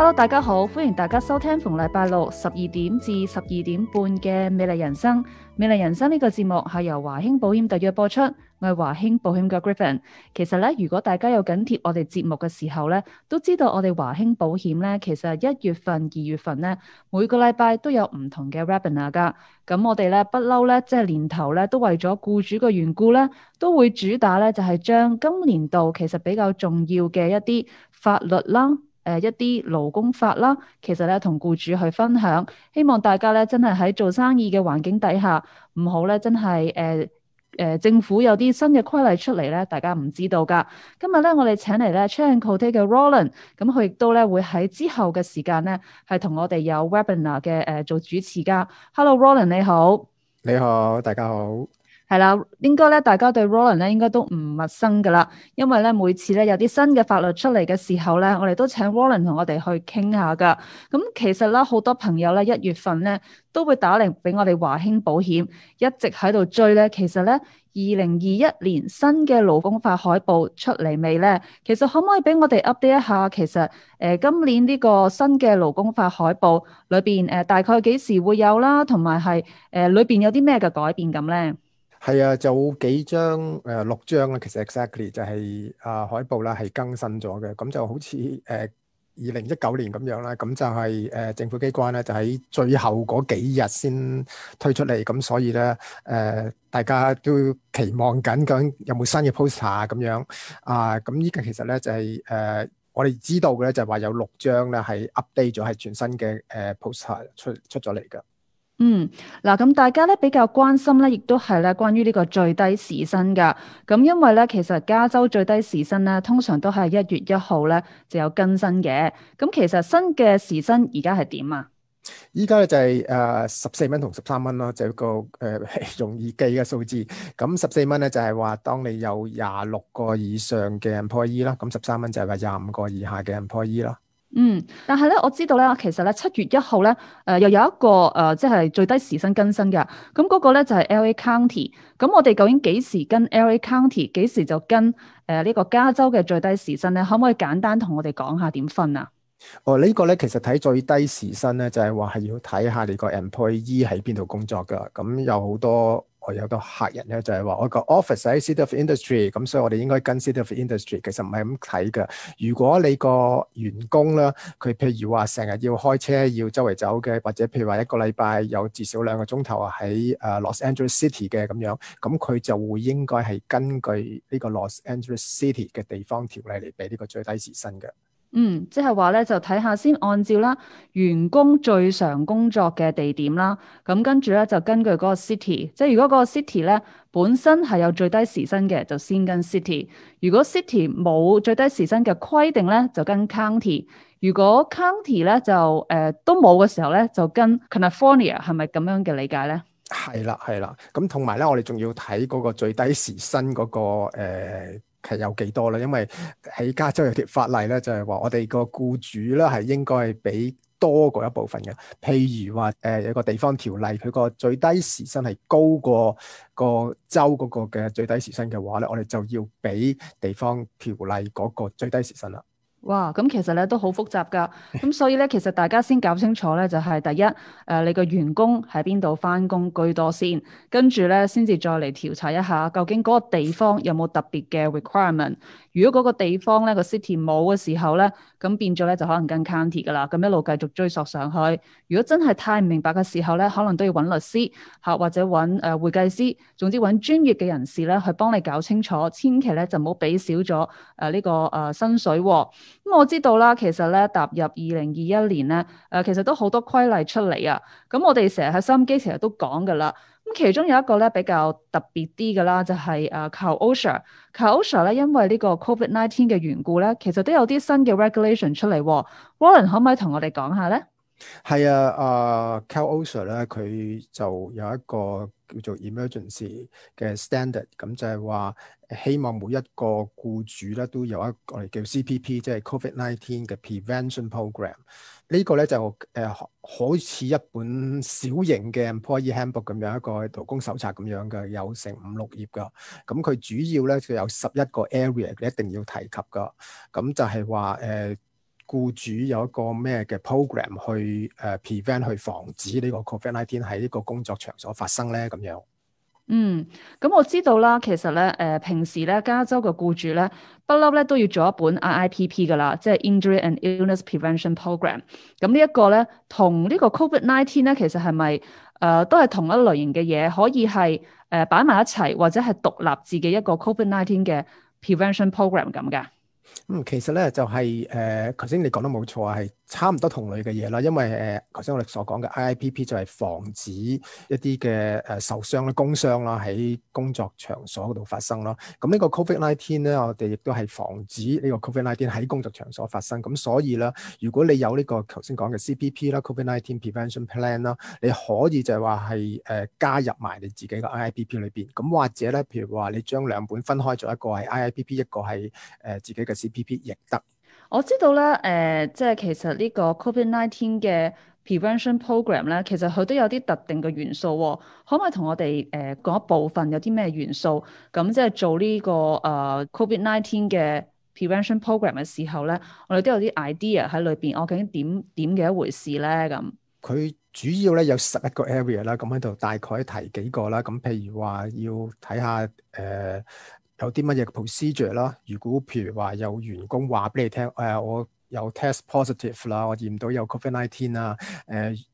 hello，大家好，歡迎大家收聽逢禮拜六十二點至十二點半嘅美麗人生。美麗人生呢個節目係由華興保險特約播出，我係華興保險嘅 Griffin。其實咧，如果大家有緊貼我哋節目嘅時候咧，都知道我哋華興保險咧，其實一月份、二月份咧，每個禮拜都有唔同嘅 webinar 噶。咁我哋咧不嬲咧，即係年頭咧，都為咗僱主嘅緣故咧，都會主打咧，就係將今年度其實比較重要嘅一啲法律啦。誒、呃，一啲勞工法啦，其實咧同雇主去分享，希望大家咧真係喺做生意嘅環境底下，唔好咧真係誒誒，政府有啲新嘅規例出嚟咧，大家唔知道噶。今日咧我哋請嚟咧 Chang & Cote 嘅 Roland 咁佢亦都咧會喺之後嘅時間咧係同我哋有 Webinar 嘅誒、呃、做主持噶。Hello Roland 你好，你好，大家好。係啦，應該咧，大家對 Roland 咧應該都唔陌生㗎啦。因為咧，每次咧有啲新嘅法律出嚟嘅時候咧，我哋都請 Roland 同我哋去傾下㗎。咁其實啦，好多朋友咧一月份咧都會打嚟俾我哋華興保險，一直喺度追咧。其實咧，二零二一年新嘅勞工法海報出嚟未咧？其實可唔可以俾我哋 update 一下？其實誒、呃、今年呢個新嘅勞工法海報裏邊誒大概幾時會有啦？同埋係誒裏邊有啲咩嘅改變咁咧？係啊，就幾張誒六張啦，其實 exactly 就係啊海報啦，係更新咗嘅。咁就好似誒二零一九年咁樣啦，咁就係誒政府機關咧，就喺最後嗰幾日先推出嚟。咁所以咧誒，大家都期望緊咁有冇新嘅 poster 咁樣啊。咁依家其實咧就係誒，我哋知道嘅咧就話有六張咧係 update 咗係全新嘅誒 poster 出出咗嚟㗎。嗯，嗱，咁大家咧比較關心咧，亦都係咧關於呢個最低時薪㗎。咁因為咧，其實加州最低時薪咧，通常都係一月一號咧就有更新嘅。咁其實新嘅時薪而家係點啊？依家咧就係誒十四蚊同十三蚊啦，就係、一個誒、呃、容易記嘅數字。咁十四蚊咧就係話，當你有廿六個以上嘅 employee 啦，咁十三蚊就係話廿五個以下嘅 employee 啦。嗯，但係咧，我知道咧，其實咧，七月一號咧，誒，又有一個誒、呃，即係最低時薪更新嘅，咁、嗯、嗰、那個咧就係 LA County，咁我哋究竟幾時跟 LA County，幾時就跟誒呢個加州嘅最低時薪咧？可唔可以簡單同我哋講下點分啊？哦，這個、呢個咧，其實睇最低時薪咧，就係話係要睇下你個 employee 喺邊度工作噶，咁有好多。我有個客人咧，就係、是、話我個 office 喺 City of Industry，咁、嗯、所以我哋應該跟 City of Industry。其實唔係咁睇嘅。如果你個員工咧，佢譬如話成日要開車要周圍走嘅，或者譬如話一個禮拜有至少兩個鐘頭啊喺誒 Los Angeles City 嘅咁樣，咁、嗯、佢就會應該係根據呢個 Los Angeles City 嘅地方條例嚟俾呢個最低時薪嘅。嗯，即係話咧，就睇下先看看，先按照啦，員工最常工作嘅地點啦，咁跟住咧就根據嗰個 city，即係如果個 city 咧本身係有最低時薪嘅，就先跟 city；如果 city 冇最低時薪嘅規定咧，就跟 county；如果 county 咧就誒都冇嘅時候咧，就跟 California，係咪咁樣嘅理解咧？係啦，係啦，咁同埋咧，我哋仲要睇嗰個最低時薪嗰、那個誒。呃係有幾多咧？因為喺加州有條法例咧，就係話我哋個雇主咧係應該係俾多過一部分嘅。譬如話誒，呃，有一個地方條例，佢個最低時薪係高過個州嗰個嘅最低時薪嘅話咧，我哋就要俾地方條例嗰個最低時薪啦。哇！咁其實咧都好複雜㗎，咁所以咧其實大家先搞清楚咧，就係、是、第一誒、呃，你個員工喺邊度返工居多先，跟住咧先至再嚟調查一下，究竟嗰個地方有冇特別嘅 requirement。如果嗰個地方咧個 city 冇嘅時候咧，咁變咗咧就可能跟 county 㗎啦，咁一路繼續追溯上去。如果真係太唔明白嘅時候咧，可能都要揾律師吓或者揾誒、呃、會計師，總之揾專業嘅人士咧去幫你搞清楚。千祈咧就唔好俾少咗誒呢個誒薪水喎。咁、嗯、我知道啦，其實咧踏入二零二一年咧，誒、呃、其實都好多規例出嚟啊。咁、嗯、我哋成日喺收音機，成日都講噶啦。咁其中有一個咧比較特別啲嘅啦，就係、是、誒 Cal/OSHA Cal/OSHA 咧，因為個呢個 Covid nineteen 嘅緣故咧，其實都有啲新嘅 regulation 出嚟。Warren、哦、可唔可以同我哋講下咧？.係啊，啊、uh, Cal OSHA 咧，佢就有一個叫做 emergency 嘅 standard，咁就係話希望每一個雇主咧都有一個我哋叫 C.P.P，即係 Covid nineteen 嘅 prevention program，這個、呢個咧就誒、uh, 好似一本小型嘅 employee handbook 咁樣，一個勞工手冊咁樣嘅，有成五六頁噶。咁佢主要咧就有十一個 area，一定要提及噶。咁就係話誒。Uh, 雇主有一個咩嘅 program 去誒 prevent 去防止呢個 COVID-19 喺呢個工作場所發生咧，咁樣。嗯，咁我知道啦，其實咧誒、呃、平時咧加州嘅雇主咧不嬲咧都要做一本 IIPP 噶啦，即係 Injury and Illness Prevention Program，咁呢一個咧同呢個 COVID-19 咧其實係咪誒都係同一類型嘅嘢，可以係誒擺埋一齊，或者係獨立自己一個 COVID-19 嘅 prevention program 咁嘅。嗯，其實咧就係、是，誒、呃，頭先你講得冇錯啊，係。差唔多同類嘅嘢啦，因為誒頭先我哋所講嘅 IIPP 就係防止一啲嘅誒受傷啦、工傷啦，喺工作場所嗰度發生咯。咁呢個 Covid nineteen 咧，我哋亦都係防止呢個 Covid nineteen 喺工作場所發生。咁所，所以咧，如果你有呢個頭先講嘅 CPP 啦，Covid nineteen prevention plan 啦，你可以就係話係誒加入埋你自己嘅 IIPP 裏邊。咁或者咧，譬如話你將兩本分開咗，一個係 IIPP，一個係誒、呃、自己嘅 CPP 亦得。我知道咧，誒，即係其實呢個 COVID nineteen 嘅 prevention program 咧，其實佢都有啲特定嘅元素喎。可唔可以同我哋誒講一部分有啲咩元素？咁即係做呢個誒 COVID nineteen 嘅 prevention program 嘅時候咧，我哋都有啲 idea 喺裏邊。我究竟點點嘅一回事咧？咁佢主要咧有十一個 area 啦，咁喺度大概提幾個啦。咁譬如話要睇下誒。呃有啲乜嘢嘅 procedure 啦、呃呃呃啊？如果譬如話有員工話俾你聽，誒我有 test positive 啦，我驗到有 COVID-19 啦，誒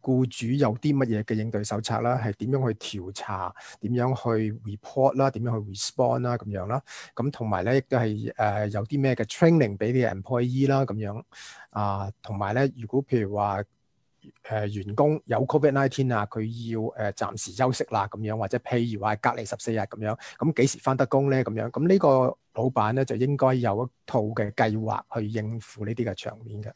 僱主有啲乜嘢嘅應對手冊啦？係點樣去調查？點樣去 report 啦？點樣去 respond 啦？咁樣啦。咁同埋咧，亦都係誒有啲咩嘅 training 俾啲 employee 啦，咁樣啊，同埋咧，如果譬如話，誒、呃、員工有 Covid nineteen 啊，佢要誒、呃、暫時休息啦咁樣，或者譬如話隔離十四日咁樣，咁幾時翻得工咧咁樣？咁呢個老闆咧就應該有一套嘅計劃去應付呢啲嘅場面嘅。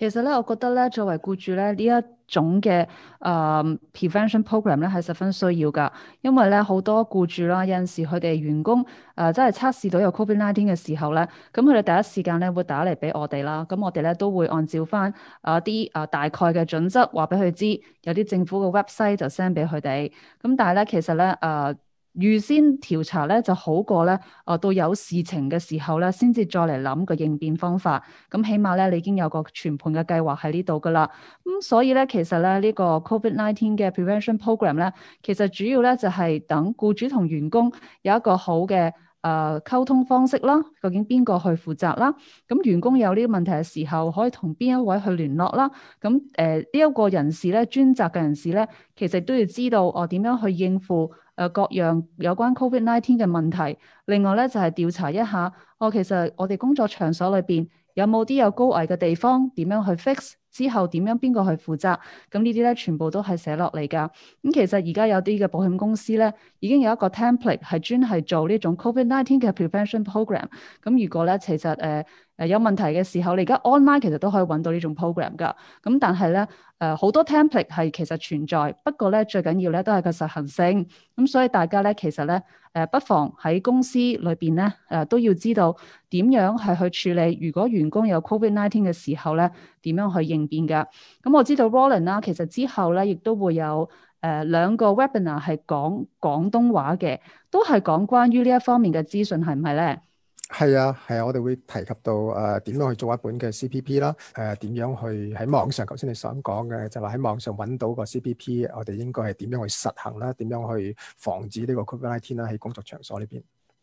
其實咧，我覺得咧，作為僱主咧，呢一種嘅誒 prevention program 咧，係、呃、十分需要噶。因為咧，好多僱主啦，有陣時佢哋員工誒、呃、真係測試到有 COVID-19 嘅時候咧，咁佢哋第一時間咧會打嚟俾我哋啦。咁我哋咧都會按照返啊啲誒大概嘅準則，話俾佢知有啲政府嘅 website 就 send 俾佢哋。咁但係咧，其實咧誒，呃預先調查咧就好過咧，哦、呃、到有事情嘅時候咧，先至再嚟諗個應變方法。咁、嗯、起碼咧，你已經有個全盤嘅計劃喺呢度噶啦。咁、嗯、所以咧，其實咧呢、這個 Covid nineteen 嘅 Prevention Program 咧，其實主要咧就係、是、等僱主同員工有一個好嘅。誒、uh, 溝通方式啦，究竟邊個去負責啦？咁員工有呢個問題嘅時候，可以同邊一位去聯絡啦？咁誒呢一個人士咧，專責嘅人士咧，其實都要知道我點樣去應付誒、呃、各樣有關 Covid Nineteen 嘅問題。另外咧，就係、是、調查一下我、哦、其實我哋工作場所裏邊。有冇啲有，有高危嘅地方？點樣去 fix？之後點樣邊個去負責？咁呢啲咧，全部都係寫落嚟㗎。咁其實而家有啲嘅保險公司咧，已經有一個 template 係專係做呢種 Covid nineteen 嘅 prevention program。咁如果咧，其實誒。呃誒有問題嘅時候，你而家 online 其實都可以揾到呢種 program 㗎。咁但係咧，誒、呃、好多 template 係其實存在，不過咧最緊要咧都係個實行性。咁、嗯、所以大家咧其實咧誒、呃，不妨喺公司裏邊咧誒都要知道點樣係去處理。如果員工有 COVID-19 嘅時候咧，點樣去應變㗎？咁、嗯、我知道 Roland 啦，其實之後咧亦都會有誒、呃、兩個 webinar 係講廣東話嘅，都係講關於呢一方面嘅資訊，係唔係咧？係啊，係啊，我哋會提及到誒點、呃、樣去做一本嘅 C P P 啦，誒點樣去喺網上，頭先你想講嘅就話、是、喺網上揾到個 C P P，我哋應該係點樣去實行啦？點樣去防止呢個 COVID nineteen 啦？喺工作場所呢邊？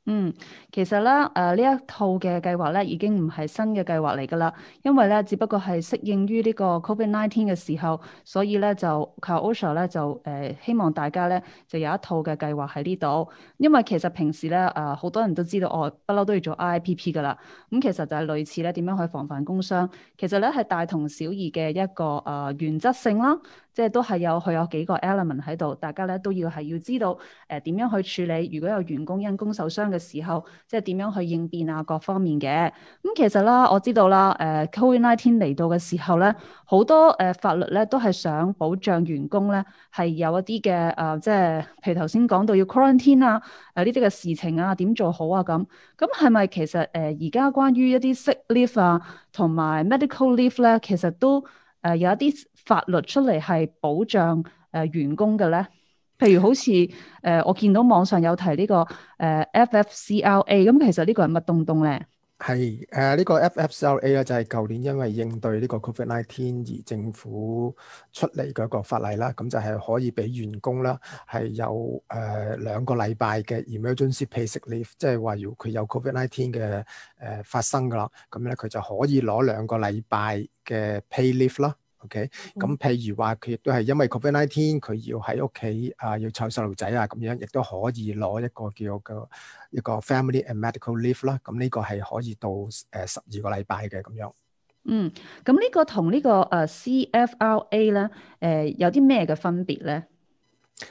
嗯，其實咧，誒、呃、呢一套嘅計劃咧已經唔係新嘅計劃嚟㗎啦，因為咧只不過係適應於呢個 COVID-19 嘅時候，所以咧就靠 OSHA 咧就誒、呃、希望大家咧就有一套嘅計劃喺呢度，因為其實平時咧誒好多人都知道我不嬲都要做 IIPP 㗎啦，咁、嗯、其實就係類似咧點樣去以防範工傷，其實咧係大同小異嘅一個誒原則性啦。即係都係有佢有幾個 element 喺度，大家咧都要係要知道誒點、呃、樣去處理。如果有員工因工受傷嘅時候，即係點樣去應變啊，各方面嘅。咁、嗯、其實啦，我知道啦，誒 COVID-19 嚟到嘅時候咧，好多誒、呃、法律咧都係想保障員工咧係有一啲嘅誒，即係譬如頭先講到要 quarantine 啊，誒呢啲嘅事情啊，點做好啊咁。咁係咪其實誒而家關於一啲 sick leave 啊，同埋 medical leave 咧，其實都？誒、呃、有一啲法律出嚟係保障誒員工嘅咧，譬、呃呃呃、如好似誒、呃、我見到網上有提呢、這個誒、呃、FFCRA，咁、呃、其實個呢個係乜東東咧？係誒呢個 FFCLA 咧就係舊年因為應對呢個 Covid-19 而政府出嚟嘅一個法例啦，咁就係可以俾員工啦係有誒兩、呃、個禮拜嘅 emergency pay leave，即係話如果佢有 Covid-19 嘅誒、呃、發生㗎啦，咁咧佢就可以攞兩個禮拜嘅 pay leave 啦。OK，咁譬如話佢亦都係因為 COVID-19，佢要喺屋企啊，要湊細路仔啊，咁樣亦都可以攞一個叫做一,一個 family and medical leave 啦。咁呢個係可以到誒十二個禮拜嘅咁樣。嗯，咁呢個同呢個誒 CFRA 咧誒有啲咩嘅分別咧？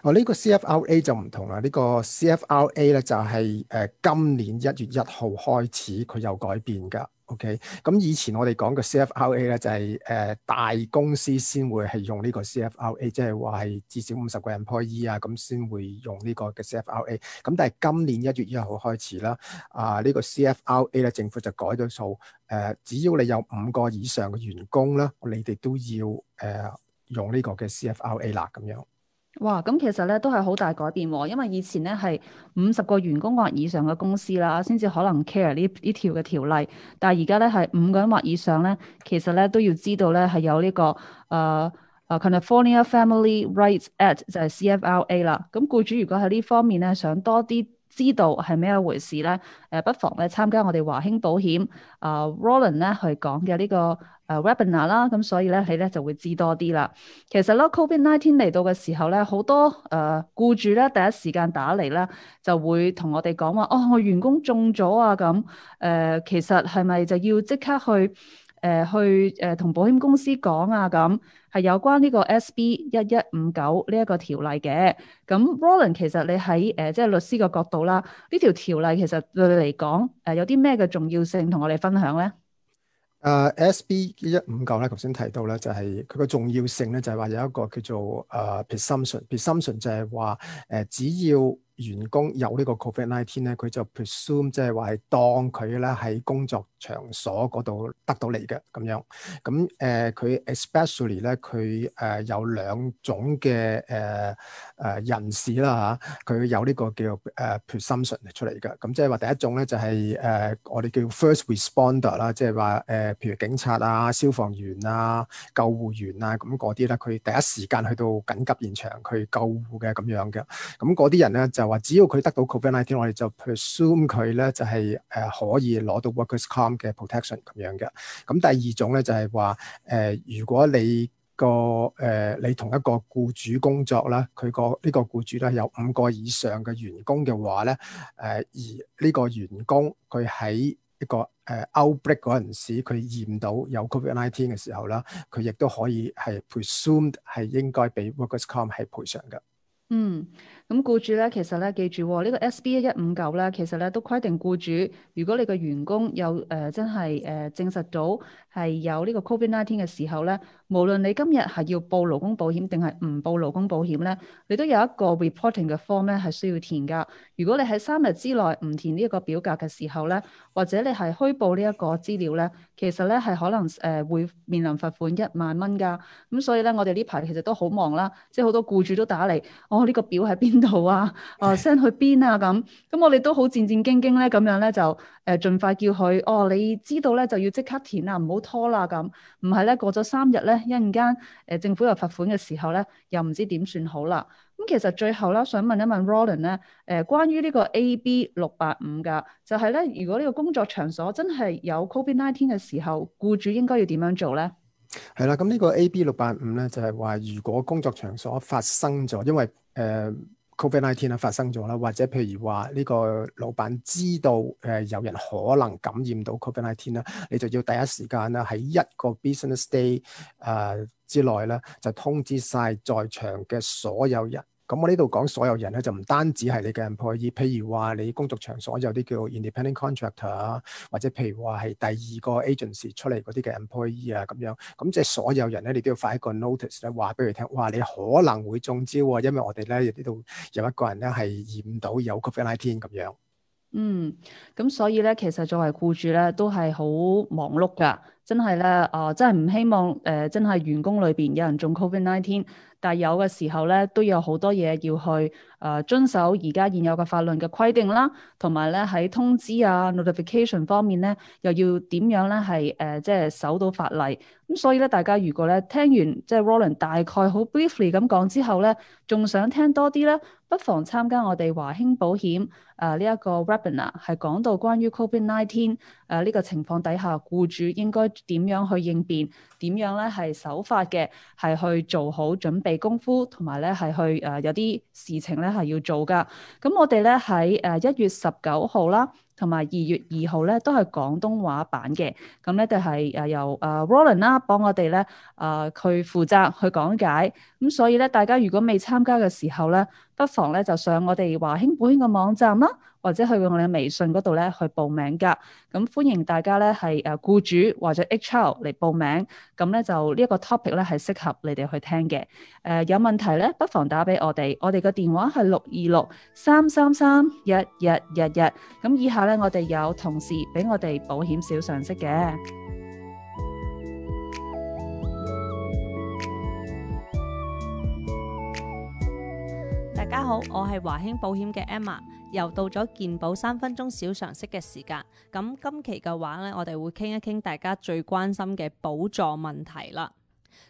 哦，呢個 CFRA 就、呃、唔同啦。呢、嗯這個 CFRA 咧就係誒、這個、今年一月一號開始佢有改變噶。OK，咁以前我哋講嘅 CFRA 咧就係、是、誒、呃、大公司先會係用呢個 CFRA 即係話係至少五十個 employee 啊，咁先會用呢個嘅 CFRA 咁但係今年一月一號開始啦，啊呢個 CFRA 咧政府就改咗數，誒、呃、只要你有五個以上嘅員工啦，你哋都要誒、呃、用呢個嘅 CFRA 啦咁樣。哇，咁其實咧都係好大改變喎，因為以前咧係五十個員工或以上嘅公司啦，先至可能 care 呢呢條嘅條例，但係而家咧係五個人或以上咧，其實咧都要知道咧係有呢、這個誒誒、呃呃、California Family Rights Act 就係 CFLA 啦。咁、嗯、僱主如果喺呢方面咧想多啲知道係咩一回事咧，誒、呃、不妨咧參加我哋華興保險啊、呃、Roland 咧去講嘅呢個。誒 webinar 啦，咁、uh, 所以咧，你咧就會知多啲啦。其實咧，COVID nineteen 嚟到嘅時候咧，好多誒僱、呃、主咧，第一時間打嚟啦，就會同我哋講話，哦，我員工中咗啊，咁、呃、誒，其實係咪就要即刻去誒、呃、去誒同、呃呃、保險公司講啊？咁係有關呢個 SB 一一五九呢一個條例嘅。咁、嗯、Roland 其實你喺誒即係律師嘅角度啦，呢條條例其實對你嚟講誒有啲咩嘅重要性同我哋分享咧？誒、uh, SB 一五九咧，頭先提到咧，就係佢個重要性咧，就係話有一個叫做誒、uh, presumption，presumption 就係話誒只要員工有個 19, ume, 是是呢個 COVID-19 咧，佢就 presume，即係話係當佢咧喺工作場所嗰度得到嚟嘅咁樣，咁誒佢 especially 咧佢誒有兩種嘅誒誒人士啦嚇，佢、啊、有呢個叫誒 presumption 出嚟嘅，咁即係話第一種咧就係、是、誒、呃、我哋叫 first responder 啦，即係話誒譬如警察啊、消防員啊、救護員啊咁嗰啲咧，佢第一時間去到緊急現場去救護嘅咁樣嘅，咁嗰啲人咧就話只要佢得到 COVID，我哋就 presume 佢咧就係誒可以攞到 workers card 嘅 protection 咁樣嘅，咁第二種咧就係話，誒、呃、如果你個誒、呃、你同一個僱主工作啦，佢個呢個僱主咧有五個以上嘅員工嘅話咧，誒、呃、而呢個員工佢喺一個誒 outbreak 嗰陣時，佢驗到有 COVID-19 嘅時候啦，佢亦都可以係 presumed 係應該畀 workers' comp 係係賠償嘅。嗯，咁雇主呢，其實呢，記住呢、這個 SB1159 呢，其實呢，都規定雇主，如果你個員工有誒、呃、真係誒、呃、證實到係有呢個 COVID-19 嘅時候呢。無論你今日係要報勞工保險定係唔報勞工保險咧，你都有一個 reporting 嘅 form 咧係需要填噶。如果你喺三日之內唔填呢一個表格嘅時候咧，或者你係虛報呢一個資料咧，其實咧係可能誒、呃、會面臨罰款一萬蚊噶。咁所以咧，我哋呢排其實都好忙啦，即係好多僱主都打嚟，哦呢、呢個表喺邊度啊？哦、啊 send 去邊啊？咁。咁我哋都好戰戰兢兢咧，咁樣咧就。誒盡快叫佢哦！你知道咧就要即刻填啦，唔好拖啦咁。唔係咧過咗三日咧，一陣間誒政府又罰款嘅時候咧，又唔知點算好啦。咁其實最後啦，想問一問 Roland 咧，誒關於呢個 A B 六八五㗎，就係咧如果呢個工作場所真係有 Covid nineteen 嘅時候，僱主應該要點樣做咧？係啦，咁呢個 A B 六八五咧就係話，如果工作場所發生咗，因為誒，呃 COVID-19 啦，發生咗啦，或者譬如話呢個老闆知道誒、呃、有人可能感染到 COVID-19 啦，你就要第一時間啦喺一個 business day 誒、呃、之內咧就通知晒在場嘅所有人。咁我呢度講所有人咧，就唔單止係你嘅 employee，譬如話你工作場所有啲叫 independent contractor 啊，或者譬如話係第二個 agency 出嚟嗰啲嘅 employee 啊，咁樣，咁即係所有人咧，你都要發一個 notice 咧，話俾佢聽，哇！你可能會中招啊，因為我哋咧呢度有一個人咧係染到有 covid nineteen 咁樣。嗯，咁所以咧，其實作為僱主咧，都係好忙碌噶，真係咧，啊、呃，真係唔希望誒、呃，真係員工裏邊有人中 covid nineteen。19, 但係有嘅時候咧，都有好多嘢要去誒、呃、遵守而家現有嘅法律嘅規定啦，同埋咧喺通知啊 notification 方面咧，又要點樣咧係誒即係守到法例。咁所以咧，大家如果咧聽完即係、就是、Roland 大概好 briefly 咁講之後咧，仲想聽多啲咧，不妨參加我哋華興保險誒呢一個 webinar，係講到關於 COVID-19 誒呢、呃這個情況底下，雇主應該點樣去應變，點樣咧係守法嘅，係去做好準備功夫，同埋咧係去誒、呃、有啲事情咧係要做噶。咁我哋咧喺誒一月十九號啦。同埋二月二號咧，都係廣東話版嘅，咁、嗯、咧就係、是、誒由誒 Rollin 啦幫我哋咧誒佢負責去講解。咁所以咧，大家如果未參加嘅時候咧，不妨咧就上我哋華興保險嘅網站啦，或者去我哋微信嗰度咧去報名㗎。咁歡迎大家咧係誒僱主或者 HR 嚟報名。咁咧就呢一個 topic 咧係適合你哋去聽嘅。誒、呃、有問題咧，不妨打俾我哋，我哋嘅電話係六二六三三三一一一一。咁以下咧，我哋有同事俾我哋保險小常識嘅。大家好，我係華興保險嘅 Emma，又到咗健保三分鐘小常識嘅時間，咁今期嘅話咧，我哋會傾一傾大家最關心嘅補助問題啦。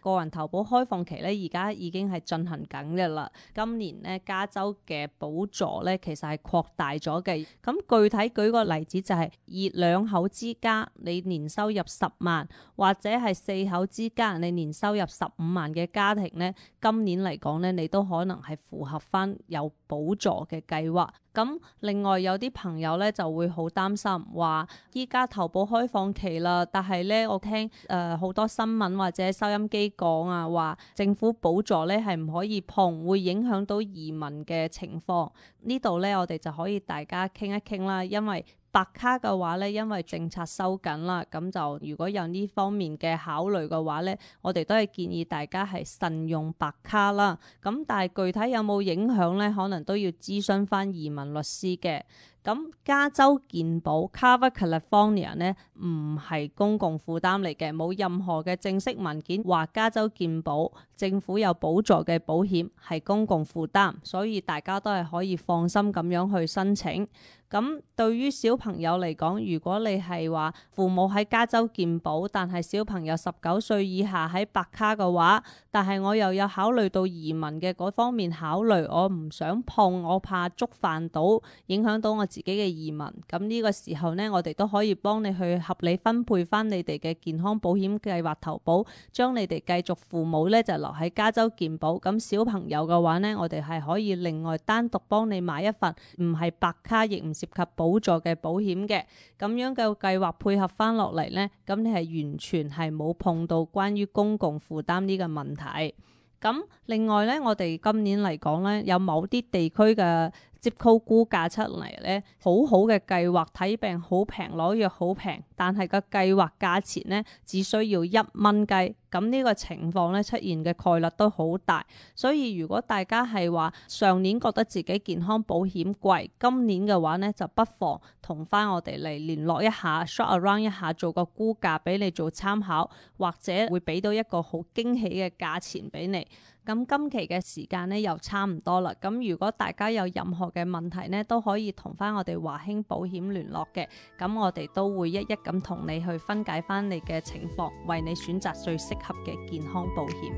個人投保開放期咧，而家已經係進行緊嘅啦。今年咧，加州嘅補助咧，其實係擴大咗嘅。咁具體舉個例子，就是，就係以兩口之家，你年收入十萬，或者係四口之家，你年收入十五萬嘅家庭咧，今年嚟講咧，你都可能係符合返有補助嘅計劃。咁另外有啲朋友咧就會好擔心話，依家投保開放期啦，但係咧我聽誒好、呃、多新聞或者收音機。講啊，話政府補助咧係唔可以碰，會影響到移民嘅情況。呢度咧，我哋就可以大家傾一傾啦。因為白卡嘅話咧，因為政策收緊啦，咁就如果有呢方面嘅考慮嘅話咧，我哋都係建議大家係慎用白卡啦。咁但係具體有冇影響咧，可能都要諮詢翻移民律師嘅。咁加州健保 （California） 咧唔係公共負擔嚟嘅，冇任何嘅正式文件話加州健保政府有補助嘅保險係公共負擔，所以大家都係可以放心咁樣去申請。咁對於小朋友嚟講，如果你係話父母喺加州健保，但係小朋友十九歲以下喺白卡嘅話，但係我又有考慮到移民嘅嗰方面考慮，我唔想碰，我怕觸犯到影響到我。自己嘅移民，咁呢個時候呢，我哋都可以幫你去合理分配翻你哋嘅健康保險計劃投保，將你哋繼續父母咧就留喺加州健保，咁小朋友嘅話呢，我哋係可以另外單獨幫你買一份唔係白卡亦唔涉及補助嘅保險嘅，咁樣嘅計劃配合翻落嚟呢，咁你係完全係冇碰到關於公共負擔呢個問題。咁另外呢，我哋今年嚟講呢，有某啲地區嘅。接靠估價出嚟呢，好好嘅計劃睇病好平，攞藥好平，但係個計劃價錢呢，只需要一蚊雞，咁呢個情況呢，出現嘅概率都好大，所以如果大家係話上年覺得自己健康保險貴，今年嘅話呢，就不妨同翻我哋嚟聯絡一下 ，shop around 一下，做個估價俾你做參考，或者會俾到一個好驚喜嘅價錢俾你。咁今期嘅時間又差唔多啦。咁如果大家有任何嘅問題咧，都可以同返我哋華興保險聯絡嘅。咁我哋都會一一咁同你去分解返你嘅情況，為你選擇最適合嘅健康保險。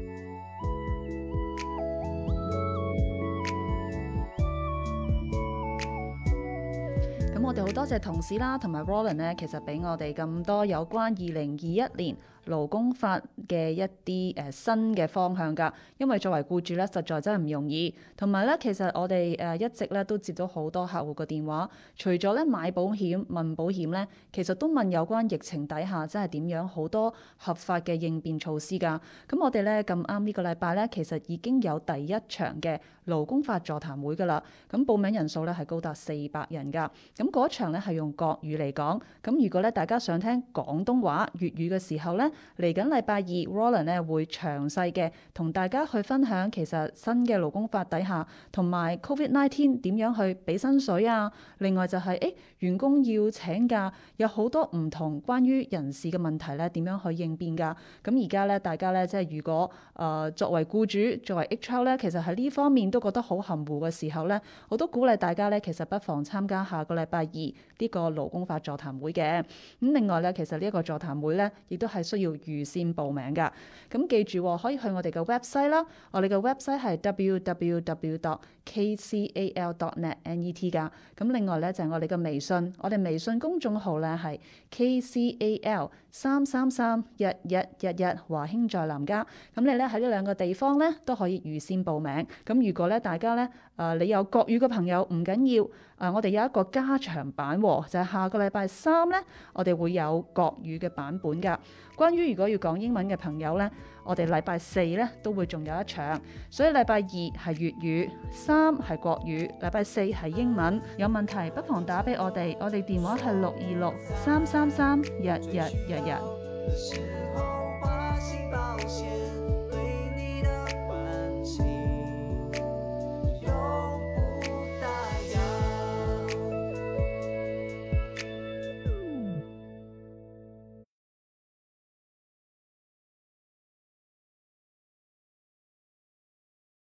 咁我哋好多謝同事啦，同埋 Roland 咧，其實俾我哋咁多有關二零二一年勞工法嘅一啲誒、呃、新嘅方向㗎，因為作為僱主咧，實在真係唔容易。同埋咧，其實我哋誒、呃、一直咧都接到好多客戶嘅電話，除咗咧買保險問保險咧，其實都問有關疫情底下真係點樣好多合法嘅應變措施㗎。咁我哋咧咁啱呢個禮拜咧，其實已經有第一場嘅勞工法座談會㗎啦。咁報名人數咧係高達四百人㗎。咁嗰場咧係用國語嚟講。咁如果咧大家想聽廣東話、粵語嘅時候咧，嚟緊禮拜二，Roland 咧會詳細嘅同大家去分享，其實新嘅勞工法底下，同埋 Covid nineteen 點樣去俾薪水啊。另外就係、是、誒、欸、員工要請假，有好多唔同關於人事嘅問題咧，點樣去應變㗎？咁而家咧，大家咧即係如果誒、呃、作為僱主，作為 HR 咧，其實喺呢方面都覺得好含糊嘅時候咧，我都鼓勵大家咧，其實不妨參加下個禮拜二呢個勞工法座談會嘅。咁、嗯、另外咧，其實呢一個座談會咧，亦都係需要。要預先報名㗎，咁、嗯、記住、哦、可以去我哋嘅 website 啦。我哋嘅 website 係 www.kcal.net.net 噶。咁、嗯、另外咧就係、是、我哋嘅微信，我哋微信公眾號咧係 kcal 三三三一一一一華興在南加。咁、嗯、你咧喺呢兩個地方咧都可以預先報名。咁、嗯、如果咧大家咧誒、呃，你有國語嘅朋友唔緊要。啊！我哋有一個加長版，哦，就係、是、下個禮拜三呢，我哋會有國語嘅版本㗎。關於如果要講英文嘅朋友呢，我哋禮拜四呢都會仲有一場。所以禮拜二係粵語，三係國語，禮拜四係英文。有問題不妨打俾我哋，我哋電話係六二六三三三一一一一。